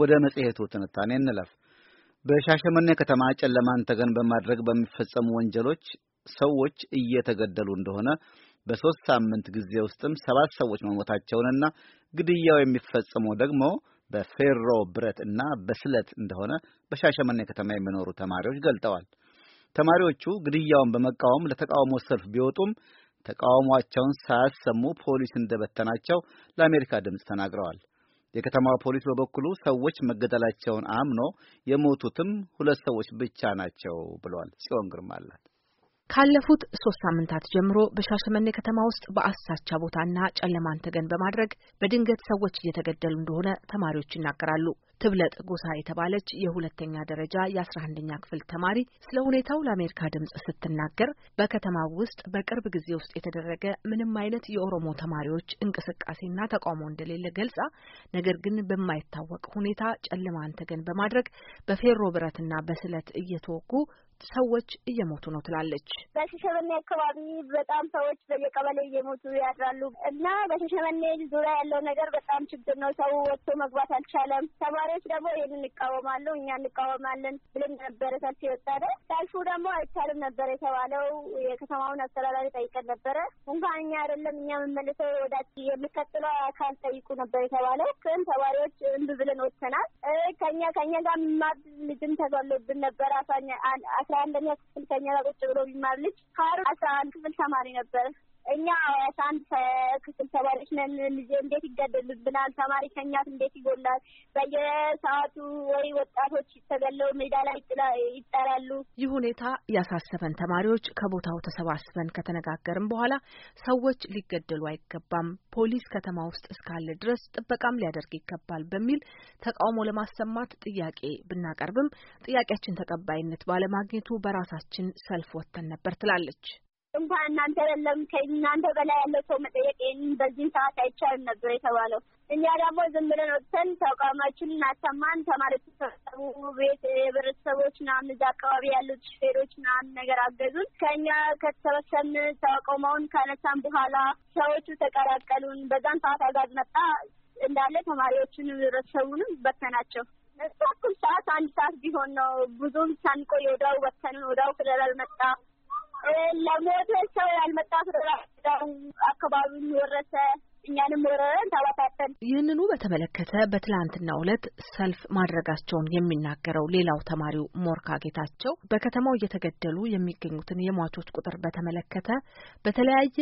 ወደ መጽሔቱ ትንታኔ እንለፍ። በሻሸመኔ ከተማ ጨለማን ተገን በማድረግ በሚፈጸሙ ወንጀሎች ሰዎች እየተገደሉ እንደሆነ በሦስት ሳምንት ጊዜ ውስጥም ሰባት ሰዎች መሞታቸውንና ግድያው የሚፈጸመው ደግሞ በፌሮ ብረት እና በስለት እንደሆነ በሻሸመኔ ከተማ የሚኖሩ ተማሪዎች ገልጠዋል። ተማሪዎቹ ግድያውን በመቃወም ለተቃውሞ ሰልፍ ቢወጡም ተቃውሟቸውን ሳያሰሙ ፖሊስ እንደበተናቸው ለአሜሪካ ድምፅ ተናግረዋል። የከተማው ፖሊስ በበኩሉ ሰዎች መገደላቸውን አምኖ የሞቱትም ሁለት ሰዎች ብቻ ናቸው ብሏል። ጽዮን ግርማ አላት። ካለፉት ሶስት ሳምንታት ጀምሮ በሻሸመኔ ከተማ ውስጥ በአሳቻ ቦታና ጨለማን ተገን በማድረግ በድንገት ሰዎች እየተገደሉ እንደሆነ ተማሪዎች ይናገራሉ። ትብለጥ ጎሳ የተባለች የሁለተኛ ደረጃ የአስራ አንደኛ ክፍል ተማሪ ስለ ሁኔታው ለአሜሪካ ድምጽ ስትናገር በከተማው ውስጥ በቅርብ ጊዜ ውስጥ የተደረገ ምንም አይነት የኦሮሞ ተማሪዎች እንቅስቃሴና ተቃውሞ እንደሌለ ገልጻ፣ ነገር ግን በማይታወቅ ሁኔታ ጨለማን ተገን በማድረግ በፌሮ ብረትና በስለት እየተወጉ ሰዎች እየሞቱ ነው ትላለች። በሻሸመኔ አካባቢ በጣም ሰዎች በየቀበሌ እየሞቱ ያድራሉ እና በሻሸመኔ ዙሪያ ያለው ነገር በጣም ችግር ነው። ሰው ወጥቶ መግባት አልቻለም። ተማሪዎች ደግሞ ይህን እንቃወማሉ፣ እኛ እንቃወማለን ብለን ነበረ ሰልፍ የወጣደ ሰልፉ ደግሞ አይቻልም ነበር የተባለው የከተማውን አስተዳዳሪ ጠይቀን ነበረ። እንኳን እኛ አይደለም እኛ የምመልሰው ወዳ የሚቀጥለው አካል ጠይቁ ነበር የተባለው። ግን ተማሪዎች እምቢ ብለን ወጥተናል። ከኛ ከኛ ጋር ማብ ልጅም ተገሎብን ነበር አፋኛ አስራ አንደኛ ክፍል ከኛ ጋር ቁጭ ብሎ የሚማር ልጅ ሀሩን አስራ አንድ ክፍል ተማሪ ነበር። እኛ ሳንት ክፍል ተማሪዎች ነን። ልጄ እንዴት ይገደልብናል? ተማሪ ከኛት እንዴት ይጎላል? በየሰዓቱ ወይ ወጣቶች ተገለው ሜዳ ላይ ይጠላሉ። ይህ ሁኔታ ያሳሰበን ተማሪዎች ከቦታው ተሰባስበን ከተነጋገርን በኋላ ሰዎች ሊገደሉ አይገባም፣ ፖሊስ ከተማ ውስጥ እስካለ ድረስ ጥበቃም ሊያደርግ ይገባል በሚል ተቃውሞ ለማሰማት ጥያቄ ብናቀርብም ጥያቄያችን ተቀባይነት ባለማግኘቱ በራሳችን ሰልፍ ወጥተን ነበር ትላለች። እንኳን እናንተ የለም ከእናንተ በላይ ያለው ሰው መጠየቅ ይህን በዚህም ሰዓት አይቻልም ነበር የተባለው። እኛ ደግሞ ዝም ብለን ወጥተን ተቋማችንን አሰማን። ተማሪ ተሰሩ ቤት የህብረተሰቦች ምናምን እዛ አካባቢ ያሉት ሹፌሮች ምናምን ነገር አገዙን። ከእኛ ከተሰበሰብን ተቋማውን ካነሳን በኋላ ሰዎቹ ተቀላቀሉን። በዛም ሰዓት አጋዝ መጣ እንዳለ ተማሪዎችን ህብረተሰቡንም በተናቸው። እዛ እኩል ሰዓት አንድ ሰዓት ቢሆን ነው ብዙም ሳንቆይ ወዳው በተንን። ወዳው ፌደራል መጣ። ለሞተ ሰው ያልመጣ ስለራዳሩ አካባቢ የወረሰ እኛንም ወረረን ተባታተን። ይህንኑ በተመለከተ በትላንትና ዕለት ሰልፍ ማድረጋቸውን የሚናገረው ሌላው ተማሪው ሞርካ ጌታቸው በከተማው እየተገደሉ የሚገኙትን የሟቾች ቁጥር በተመለከተ በተለያየ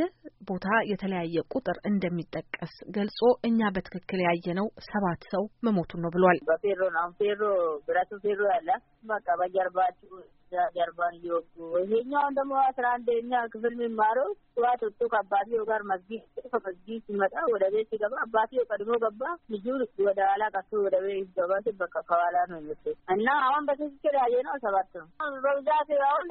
ቦታ የተለያየ ቁጥር እንደሚጠቀስ ገልጾ እኛ በትክክል ያየነው ሰባት ሰው መሞቱን ነው ብሏል። በፌሮ ነው ፌሮ ብረቱ ፌሮ ያለ በቃ በጀርባችሁ ጀርባን እየወጉ ይሄኛውን ደግሞ አስራ አንደኛ ክፍል የሚማረው ጠዋት ወጥቶ ከአባትየው ጋር መስጊድ ከመስጊድ ሲመጣ ወደ ቤት ሲገባ አባትየው ቀድሞ ገባ፣ ልጁ ወደ ኋላ ቀሱ ወደ ቤት ገባ። በቃ ከኋላ ነው ይመጡ እና አሁን በትክክል ያየ ነው ሰባት ነው በብዛት አሁን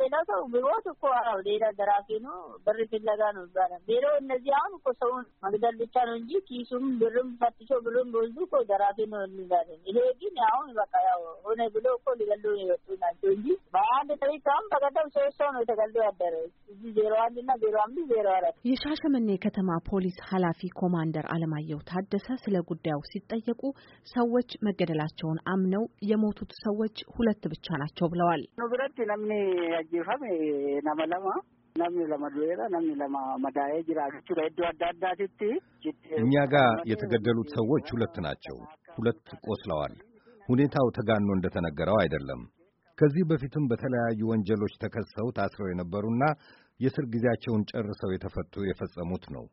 ሌላ ሰው ቢሞት እኮ ሌላ ደራፊ ነው ብር ፍለጋ ነው ይባላል። ሌላው እነዚህ አሁን እኮ ሰውን መግደል ብቻ ነው እንጂ ኪሱም ብርም ፈትሾ ብሎም በወዙ እኮ ደራፊ ነው እንላለን። ይሄ ግን አሁን በቃ ያው ሆነ ብሎ እኮ ሊገሉ የወጡ ናቸው እንጂ በአንድ ጥሪት በቀደም ሶስት ሰው ነው ያደረ እዚህ ዜሮ አንድ እና ዜሮ አምስት ዜሮ አራት የሻሸመኔ ከተማ ፖሊስ ኃላፊ ኮማንደር አለማየሁ ታደሰ ስለ ጉዳዩ ሲጠየቁ ሰዎች መገደላቸውን አምነው የሞቱት ሰዎች ሁለት ብቻ ናቸው ብለዋል። እኛ ጋር የተገደሉት ሰዎች ሁለት ናቸው። ሁለት ቆስለዋል። ሁኔታው ተጋኖ እንደተነገረው አይደለም። ከዚህ በፊትም በተለያዩ ወንጀሎች ተከሰው ታስረው የነበሩና የስር ጊዜያቸውን ጨርሰው የተፈቱ የፈጸሙት ነው።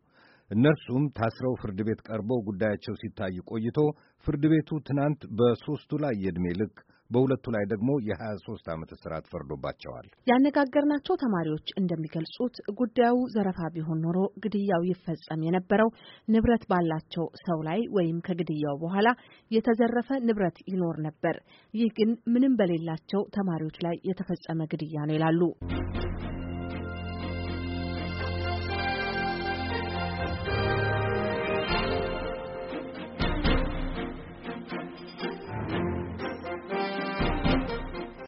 እነርሱም ታስረው ፍርድ ቤት ቀርበው ጉዳያቸው ሲታይ ቆይቶ ፍርድ ቤቱ ትናንት በሦስቱ ላይ የዕድሜ ልክ በሁለቱ ላይ ደግሞ የ23 ዓመት እስራት ፈርዶባቸዋል። ያነጋገርናቸው ተማሪዎች እንደሚገልጹት ጉዳዩ ዘረፋ ቢሆን ኖሮ ግድያው ይፈጸም የነበረው ንብረት ባላቸው ሰው ላይ ወይም ከግድያው በኋላ የተዘረፈ ንብረት ይኖር ነበር። ይህ ግን ምንም በሌላቸው ተማሪዎች ላይ የተፈጸመ ግድያ ነው ይላሉ።